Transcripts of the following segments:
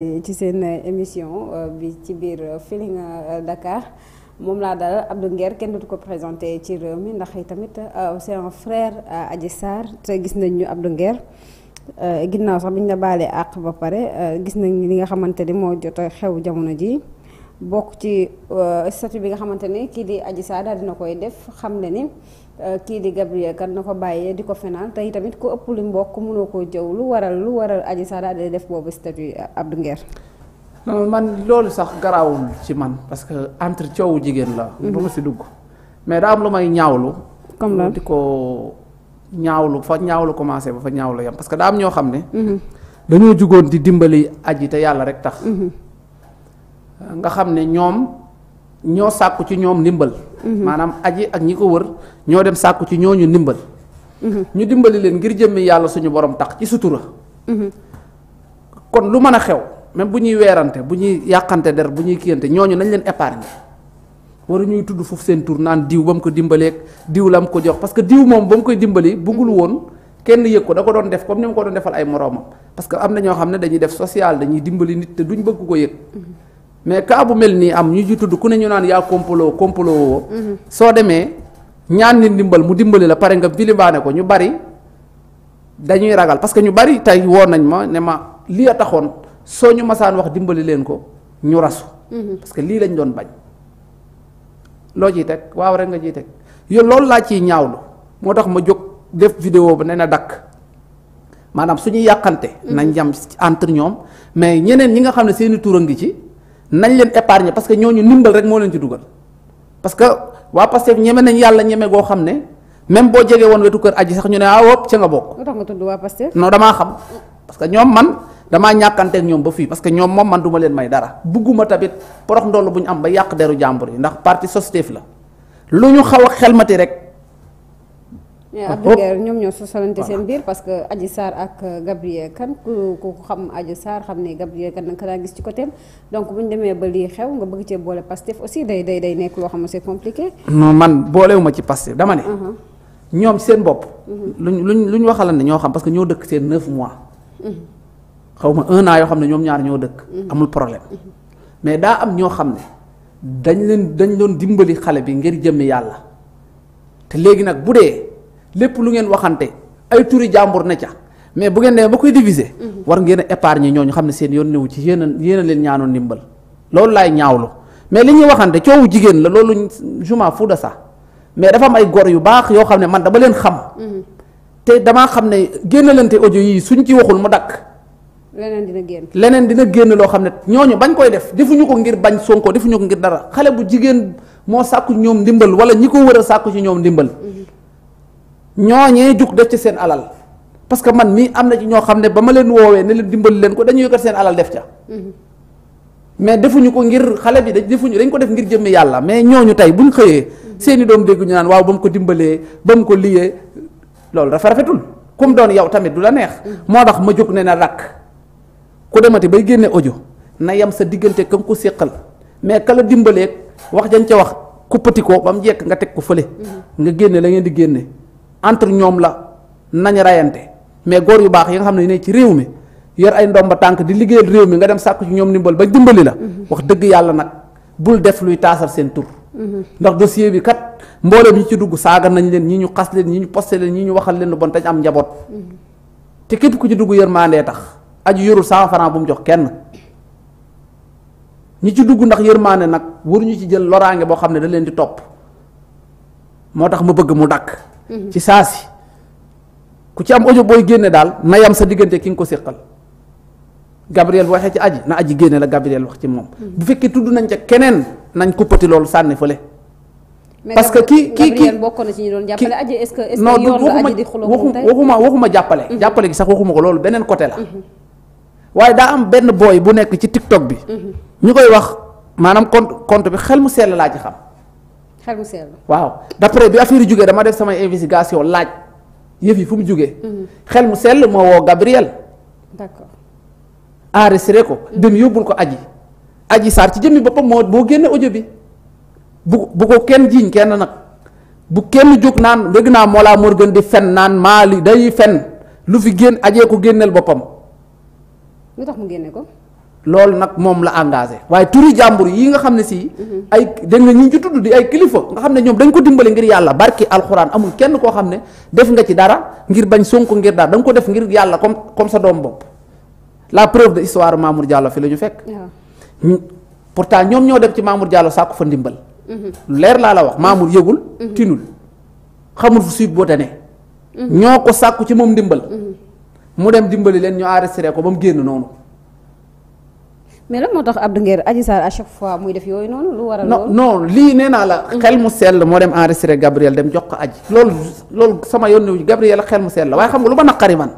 Eh, ci seen eh, émission eh, bi ci biir Feeling Dakar moom laa dal Abdou Nguer kenn du ko présenté ci réew mi ndax tamit c'est un frère Adji Sarr te gis nañ ñu Abdou Nguer ginnaaw sax bi ñu la baalee àq ba pare gis nañ li nga xamante ni moo jot a xew jamono ji bokk ci statut bi nga xamante ni kii di Adji Sarr daal dina koy def xam ne ni Euh, kii di Gabriel Kane na ko bàyyee di ko fenal tey tamit ku ëpp lu mbokk mënoo koo jëw lu waral lu waral Adji Sarr daal def boobu statut euh, Abdou Nguer non man loolu sax garaawul ci man parce que entre coowu jigéen la mhm. du si dugg mais daa am ñaawlu comme la di ko fa ñaawlu commencé ba fa ñaawlu yam parce que daa ñoo xam ne mhm. dañoo jugoon di dimbali aji te yàlla rek tax mhm. nga xam ne ñoom ñoo sàkku ci ñoom ndimbal Mm-hmm. maanaam aji ak ñi ko wër ñoo dem sàkku ci ñooñu ndimbal mm-hmm. ñu dimbali leen ngir jëmmi yàlla suñu borom tax ci sutura mm-hmm. kon lu mën a xew même bu ñuy weerante bu ñuy yàqante der bu ñuy kiyante ñooñu nañ leen épargne waru ñuy tudd foofu seen tur naan diw ba mu ko dimbaleek diw la mu ko jox parce que diw moom ba mu koy dimbali bëggul woon kenn yëg ko da ko doon def comme ni mu ko doon defal ay moroomam parce que am na ñoo xam ne dañuy def social dañuy dimbali nit te duñ bëgg ko yëg mais cas bu mel nii am ñu ci tudd ku ne ñu naan yaa complot complot mhm. soo demee ñaan nit ndimbal mu dimbali la pare nga vilibaane ko ñu bari dañuy ragal parce que ñu bari tey woo nañ ma ne ma lii a taxoon soo ñu masaan wax dimbali leen ko ñu rasu. Mhm. parce que lii lañ doon bañ. loo ciy teg waaw rek nga ciy teg yow loolu laa ciy ñaawlu moo tax ma jóg def vidéo ba ne na dakk maanaam su ñuy yàqante. Mhm. nañ jam entre ñoom mais ñeneen ñi nga xam ne seeni tur a ci. nañ leen épargner parce que ñooñu ndimbal rek moo leen ci dugal parce que waa Pastef ñeme nañ yàlla ñeme goo xam ne même boo jege woon wetu kër aji sax ñu ne ah wóop ca nga bokk. lu tax nga tudd waa Pastef. damaa xam parce que ñoom man damaa ñàkkanteeg ñoom ba fii parce que ñoom moom man du ma leen may dara bugguma tamit porox ndoll bu ñu am ba yàq deru jàmbur yi ndax parti Pastef la lu ñu xaw a xelmati rek. Eh, ah, Abdou oh. Nguer ñoom ñoo sosolante seen biir parce que Adji Sarr ak euh, Gabriel Kane ku ku xam aj Sarr xam ne Gabriel kan naka laa gis ci côté donc bu ñu demee ba lii xew nga bëgg cee boole Pastef aussi day day day nekk loo xam ne c'est compliqué. non man boolewuma ci Pastef dama ne. Uh-huh. ñoom seen bopp. lu uh-huh. ñu luñ luñ waxalan ne ñoo xam parce que ñoo dëkk seen 9 mois. Uh-huh. xaw ma un yoo xam ne ñoom ñaar ñoo dëkk. amul problème mais daa am ñoo xam ne dañ leen dañ doon dimbali xale bi ngir jëmmi yàlla te léegi nag bu dee. lépp lu ngeen waxante ay turi jàmbur ne ca mais bu ngeen demee ba koy diviser. Mhm. war ngeen a épargner ñooñu xam ne seen yoon newu ci yéen a yéen leen ñaanoon ndimbal loolu laay ñaawlu mais li ñuy waxante coowu jigéen la loolu juma fu da sax mais dafa am ay gor yu baax yoo xam ne man dama leen xam. Mhm. te damaa xam ne génnalante audio yii suñ ci waxul mu dakk leneen dina génn leneen dina génn loo xam ne ñooñu bañ koy def defuñu ko ngir bañ Sonko defuñu ko ngir dara xale bu jigéen moo sàkku ñoom ndimbal wala ñi ko wër a sàkku ci ñoom ndimbal. Mhm. ñooñee jug def ci seen alal parce que man mii am na ci ñoo xam ne ba ma leen woowee ne leen dimbali leen ko dañuy yëkkat seen alal def ca. Mm-hmm. mais defuñu ko ngir xale bi dañ defuñu dañ ko def ngir jëmm yàlla mais ñooñu tey ñu xëyee mm-hmm. seeni doom dégg ñu naan waaw ba mu ko dimbalee ba mu ko liyee loolu dafa rafetul comme doon yow tamit du la neex. Mm-hmm. moo tax ma jóg ne na rakk ku demati bay génne audio na yem sa diggante ka nga ko séqal mais kala dimbalee wax dañ ca wax kuppati ko ba nga teg ko fële. nga génne la ngeen di génne. entre ñoom la nañ rayante mais góor yu baax yi nga xam ne ne ci réew mi yor ay ndomba tànk di liggéeyal réew mi nga dem sàkku ci ñoom ndimbal ba dimbali la mhm. wax dëgg yàlla nag bul def luy taasal seen tur mhm. ndax dossier bi kat mboolem ñi ci dugg saaga nañ leen ñi ñu xas leen ñi ñu posté leen ñi ñu waxal leen lu bon tañ am njaboot mhm. te képp ku ci dugg yërmandee tax aju yorul cent bu mu jox kenn ñi ci dugg ndax yërmande nag waruñu ci jël loraange boo xam ne da leen di topp moo tax ma bëgg mu dakk Mhm. ci si ku ci am audio booy génne daal na sa diggante ki nga ko séqal Gabriel bu waxee ci aji na aji génne la Gabriel wax ci moom mhm. bu fekkee tudd nañ ca keneen nañ kuppati loolu sànni fële parce que kii kii kii bokk na ci ñu doon jàppale aji est-ce que est-ce que yoon la aji di waxuma waxuma jàppale mhm. jàppale gi sax waxuma ko loolu beneen côté la waaye daa am benn booy bu nekk ci TikTok bi ñu koy wax maanaam compte compte bi xel mu sell laa ci xam xel mu waaw d'après bi affaire jógee dama def samay investigation laaj yëf yi fu mu jógee. Mhm. xel mu sell moo woo Gabriel. d'accord enregistré ko. Mhm. dem yóbbul ko aji. aji saar ci jëmmi boppam moo boo génne audio bi bu bu ko kenn jiiñ kenn nag bu kenn jóg naan dégg naa Mollah Morgun di fen naan Mali day fen lu fi génn ajee ko génneel boppam. lu tax mu génne ko. loolu nag moom la engagé waaye turi jàmbur yi nga xam ne si. Mhm. ay dégg nga ñi ci tudd di ay kilifa nga xam ne ñoom dañ ko dimbale ngir yàlla barki alxuraan amul kenn koo xam ne def nga ci dara ngir bañ Sonko ngir dara danga ko def ngir yàlla comme comme sa doom bopp la preuve de histoire Mamour Diallo fi la ñu fekk. pourtant ñoom ñoo def ci Mamour Diallo sàkku fa ndimbal. Mhm. leer laa la wax Mamour yëgul. Mhm. tinul xamul fu suite boo te ne. ñoo ko sàkku ci moom ndimbal. mu dem dimbali leen ñu enregistré ko ba mu génn noonu. mais lan moo tax Abdou Nguer Adji Sarr à chaque fois muy def yooyu noonu lu waral non non lii nee naa la xel mu sell moo dem enregistré Gabriel dem jox ko Adji loolu loolu sama yoon wu Gabriel xel mu sell la waaye xam nga lu ma naqari man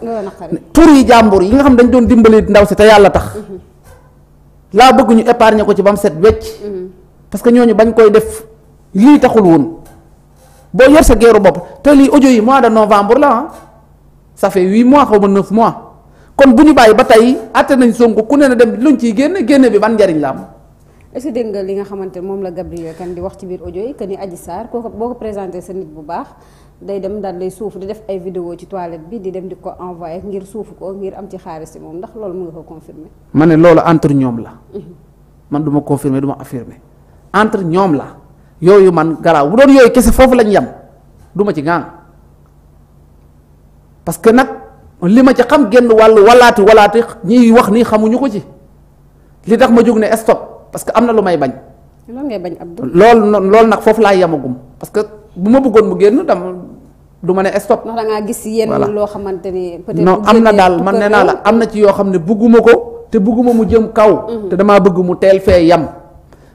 tur yi jàmbur yi nga xam dañ doon mhm. laa bëgg épargner ko ci ba mu set wecc mhm. parce que ñooñu bañ koy def lii taxul woon boo yor sa geeru bopp te lii audio yi mois de novembre la ah ça mois xaw ma neuf mois kon bu ñu bàyyi ba tey àtte nañ Sonko ku ne na dem luñ ciy génne génne bi ban njariñ la am. est-ce que li nga xamante ne moom la Gabriel Kane di wax ci biir audio yi que ni Adji Sarr koo ko boo ko présenté sa nit bu baax day dem daal lay suufu di def ay vidéo ci toilette bi di dem di ko envoyé ngir suufu ko ngir am ci xaalis moom ndax loolu mën nga ko confirmer. ma ne loolu entre ñoom la. Mhm. man du ma confirmer du ma entre ñoom la yooyu man garaaw bu doon yooyu kese foofu lañ yem du ma ci gàng li ma ci xam genn wàllu walaati walaati ñiy wax nii xamuñu ko ci li tax ma jóg ne stop parce que am na lu may bañ. lan bañ Abdou. loolu noonu loolu nag foofu laay yemagum parce que bu ma bëggoon mu génn dama du ma ne stop. ndax da ngaa gis yenn loo xamante ni. peut-être am na daal man ne naa la am na ci yoo xam ne bugguma ko te bugguma mu jëm kaw. Mhm. te damaa bëgg mu teel fee yam.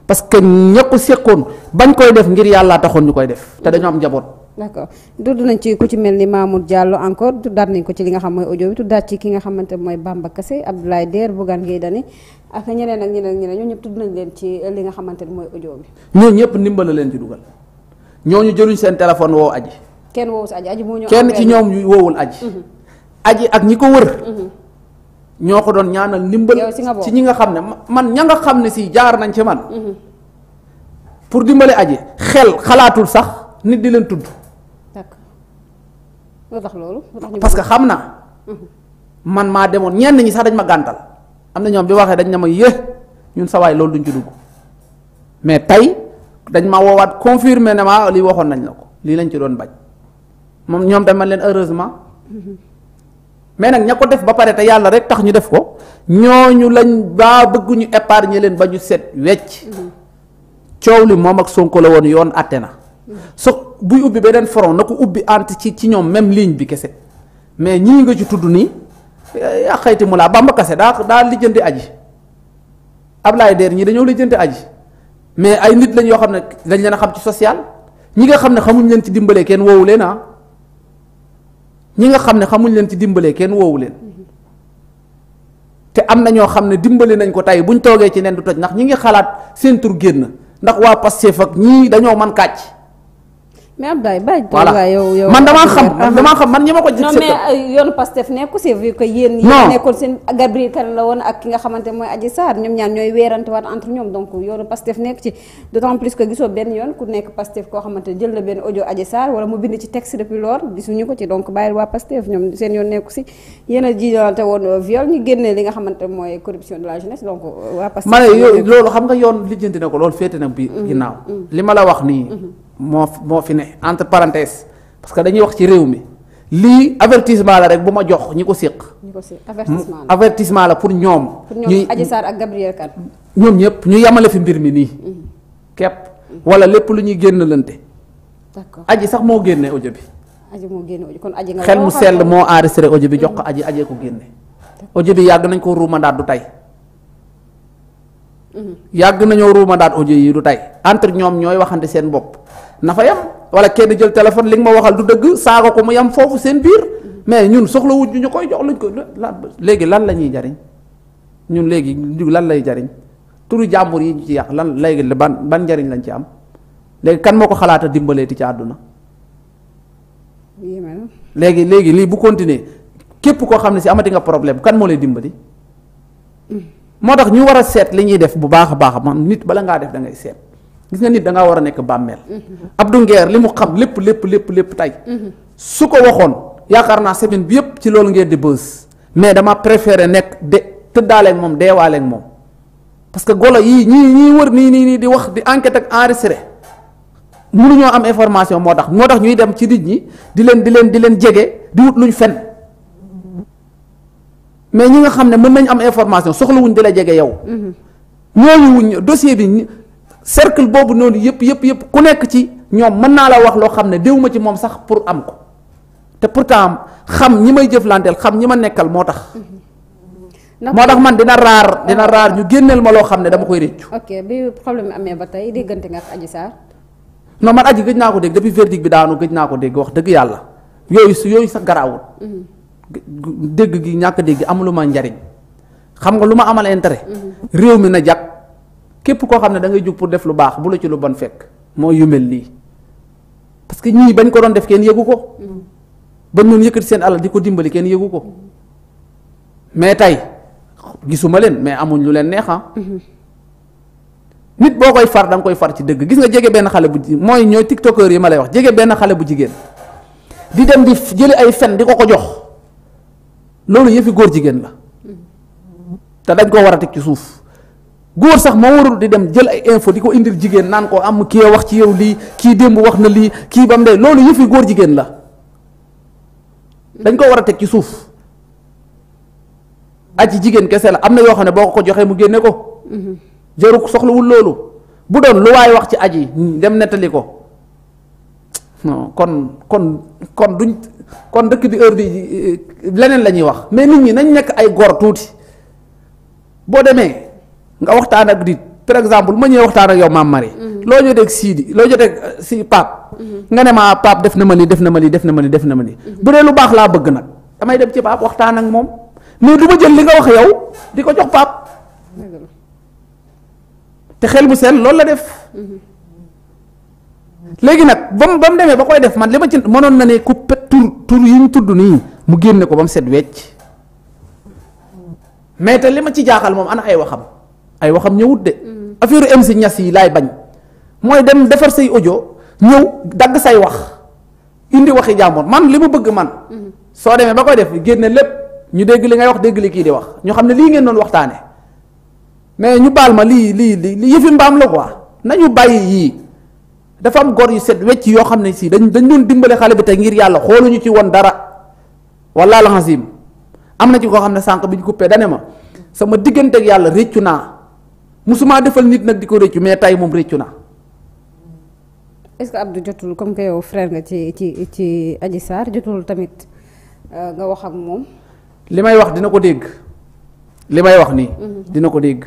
parce que ña ko séqoon bañ koy def ngir yàllaa taxoon ñu koy def te mhm. dañoo am njaboot. d'accord dudd nañ ci ku ci mel ni Mamour Diallo encore tuddaat nañ ko ci li nga xam mooy audio bi tuddaat ci ki nga xamante mooy Bamba Kassé Abdoulaye Der Bougane Gueye Dany ak ñeneen ak ñeneen ñeneen ñoo ñëpp tudd nañ leen ci li nga xamante ne mooy audio bi ñoo ñëpp ndimbal leen ci dugal ñoo ñu jëluñ seen téléphone woo aji kenn woowu si aji aji moo ñëw kenn ci ñoom woowul aji mhm. aji ak ñi ko wër mhm. ñoo ko doon ñaanal ndimbal ci ñi nga xam ne man ña nga xam ne si jaar nañ ci man mhm. pour dimbale aji xel xalaatul sax nit di leen tudd lu tax loolu parce que xam naa. Mhm. man maa demoon ñenn ñi sax dañ ma gàntal am na ñoom bi waxee dañ ne ma yéex ñun sawaay loolu duñ ci dugg mais tey dañ ma woowaat confirmé ne ma lii waxoon nañ la ko lii lañ ci doon bañ moom ñoom dañ leen heureusement mhm. mais nag ña ko def ba pare te yàlla rek tax ñu def ko ñooñu lañ baa bëgguñu épargner leen ba ñu set wecc mhm. coow li moom ak Sonko la woon yoon àtte na. buy ubbi beneen front na ko ubbi ant ci ci ñoom même ligne bi kese mais ñii nga ci tudd nii yaa eh, xayti mu laa bamba kase daa daa lijjanti aji Ablaye Der ñi dañoo lijjanti aji mais ay nit lañ yoo xam ne dañ leen a xam ci social ñi nga xam ne xamuñ leen ci dimbalee kenn woowu leen ah ñi nga xam ne xamuñ leen ci dimbalee kenn woowu leen te am na ñoo xam ne dimbali nañ ko tey buñ toogee ci nen du toj ndax ñi ngi xalaat seen tur génn ndax waa Pastef ak ñii dañoo man kàcc mais Abdoulaye bàyyi voilà yow yow man damaa xam man ñi ma ko non mais euh, yoonu Pastef nekku si vu que yéen yéen nekkoon seen Gabriel Kane la woon ak ki nga xamante mooy Adji Sarr ñoom ñaar ñooy weerante waat entre ñoom donc yoonu Pastef nekk ci d'autant plus que gisoo benn yoon ku nekk Pastef koo xamante jël la benn audio Adji Sarr mu bind ci texte depuis lors gisuñu ko ci donc bàyyil waa Pastef ñoom seen yoon nekku si yéen a jiitalante woon viol ñu génnee euh, ne loolu xam na ko loolu féete na bi mm-hmm. ginnaaw mm-hmm. li ma la wax nii mm-hmm. moo moo fi ne entre parenthèses parce que dañuy wax ci réew mi lii avertissement la rek bu ma jox ñi ko séq. ñi ko séq avertissement la avertissement la pour ñoom. pour ñoom Adji Sarr ak Gabriel Kane ñoom ñëpp ñu yamale fi mbir mi nii. Mm-hmm. képp wala lépp lu ñuy génn lante. d'accord Adji sax moo génne audio bi. Adji moo génne kon Adji nga xel mu sell moo enregistré audio bi jox ko mm-hmm. Adji Adji ko génne. audio bi yàgg nañ ko ruumandaat du tey. Mm-hmm. yàgg nañoo ruumandaat audio yi du tey entre ñoom ñooy waxante seen bopp. na fa yem wala kenn jël téléphone li nga ma waxal du dëgg saaga ko mu yem foofu seen biir mais ñun soxla wut ñu koy jox luñ ko léegi lan la ñuy jariñ ñun léegi lan lay jariñ turu jàmbur yi ñu ci yàq lan léegi ban ban njariñ lañ ci am léegi kan moo ko xalaata ti ci àdduna léegi léegi lii bu continuer képp koo xam ne si amati nga problème kan moo lay dimbali mm. moo tax ñu war a seet li ñuy def bu baax a baax man nit bala ngaa def da ngay seet gis nga nit da ngaa war a nekk bàmmeel. Abdou Nguer li mu xam lépp lépp lépp lépp tey. su ko waxoon yaakaar naa semaine bi yëpp ci loolu ngeen di bës mais dama préféré nekk de tëddaaleeg moom deewaaleeg moom. parce que golo yii ñii ñii wër nii nii nii di wax di enquête ak enregistré mënuñoo am information moo tax moo tax ñuy dem ci nit ñi di leen di leen di leen jege di wut ñu fen mais ñi nga xam ne mën nañ am information soxla wuñ di la jege yow. Mm-hmm. ñooñu wuñ dossier cercle boobu noonu yëpp yëpp yëpp ku nekk ci ñoom mën naa la wax loo xam ne déwuma ci moom sax pour am ko te pour pourtant xam ñi may jëflanteel xam ñi ma nekkal moo tax. moo tax man dina raar dina raar ñu génneel ma loo xam ne dama koy réccu. ok bi problème amee ba tey déggante nga ak Adji Sarr. non gëj naa ko dégg depuis bi daanu gëj naa ko dégg wax dëgg yàlla yooyu su yooyu sax garaawul. Mhm. dégg gi ñàkk dégg ma njariñ xam nga lu ma amal intere mhm. réew mi na jàkk képp koo xam ne da ngay jug pour def lu baax bu la ci lu bon fekk mooy yu mel nii parce que ñii bañ ko doon def kenn yëgu ko ba ñun yëkkati seen alal di ko dimbali kenn yëgu ko mais tey gisuma leen mais amul lu leen neex ah. nit boo koy far da koy far ci dëgg gis nga jege benn xale bu mooy ñoo ñooy tiktokeur yi ma lay wax jege benn xale bu jigéen di dem di jëli ay fen di ko ko jox loolu yëfi góor jigéen la te dañ koo war a teg ci suuf. góor sax moo warul di dem jël ay info di ko indil jigéen naan ko am ki wax ci yow lii kii démb wax na lii kii ba mu loolu yëfi góor jigéen la dañ ko war a teg ci suuf ci jigéen kese la am na yoo xam ne boo ko ko joxee mu génne ko jarul soxlawul loolu bu doon lu waay wax ci aji dem nettali ko non kon kon kon duñ kon dëkk di heure bi eh, leneen la ñuy wax mais nit ñi nañ nekk ay góor tuuti boo demee. nga waxtaan ak nit par exemple ma ñëwee waxtaan ak yow maam mari mhm. loo jotee ak Sidi loo jotee ak euh, si Pape. Mhm. nga ne ma Pape def na ma lii def na ma lii def na ma lii def na ma lii. Mhm. bu dee lu baax bëgg nag damay dem ci Pape waxtaan ak moom mais du ma jël li nga wax yow di ko jox Pape. te xel bu sell loolu la def. léegi nag ba mu ba mu demee ba koy def man li ma ci mënoon na ne ku pet tur tur yi ñu tudd nii mu génne ko ba mu set wecc mais te li ma ci jaaxal moom ana ay waxam. ay waxam ñëwut de. Mm. affaire MC ñas yi laay bañ mooy dem defar say audio ñëw dagg say wax indi waxi jàmbur man li mu bëgg man. Mm-hmm. soo demee ba koy def génne lépp ñu dégg li ngay wax dégg li kii di wax ñu xam ne lii ngeen doon waxtaanee mais ñu baal ma lii lii li yëfi mbaam la quoi nañu bàyyi yii dafa am gor yu set wecc yoo xam ne sii dañ dañ doon dimbale xale bi te ngir yàlla xooluñu ci woon dara wala alxasim am na ci koo xam ne sànq bi ñu coupé dane ma sama digganteeg yàlla réccu naa. musuma defal nit nag di ko rëccu mais tey moom rëccu na est-ce que Abdou jotul comme que yow frère nga ci ci ci Adji Sarr jotul tamit euh, nga wax ak moom. li may wax dina ko dégg li may wax nii. Mhm. dina ko dégg.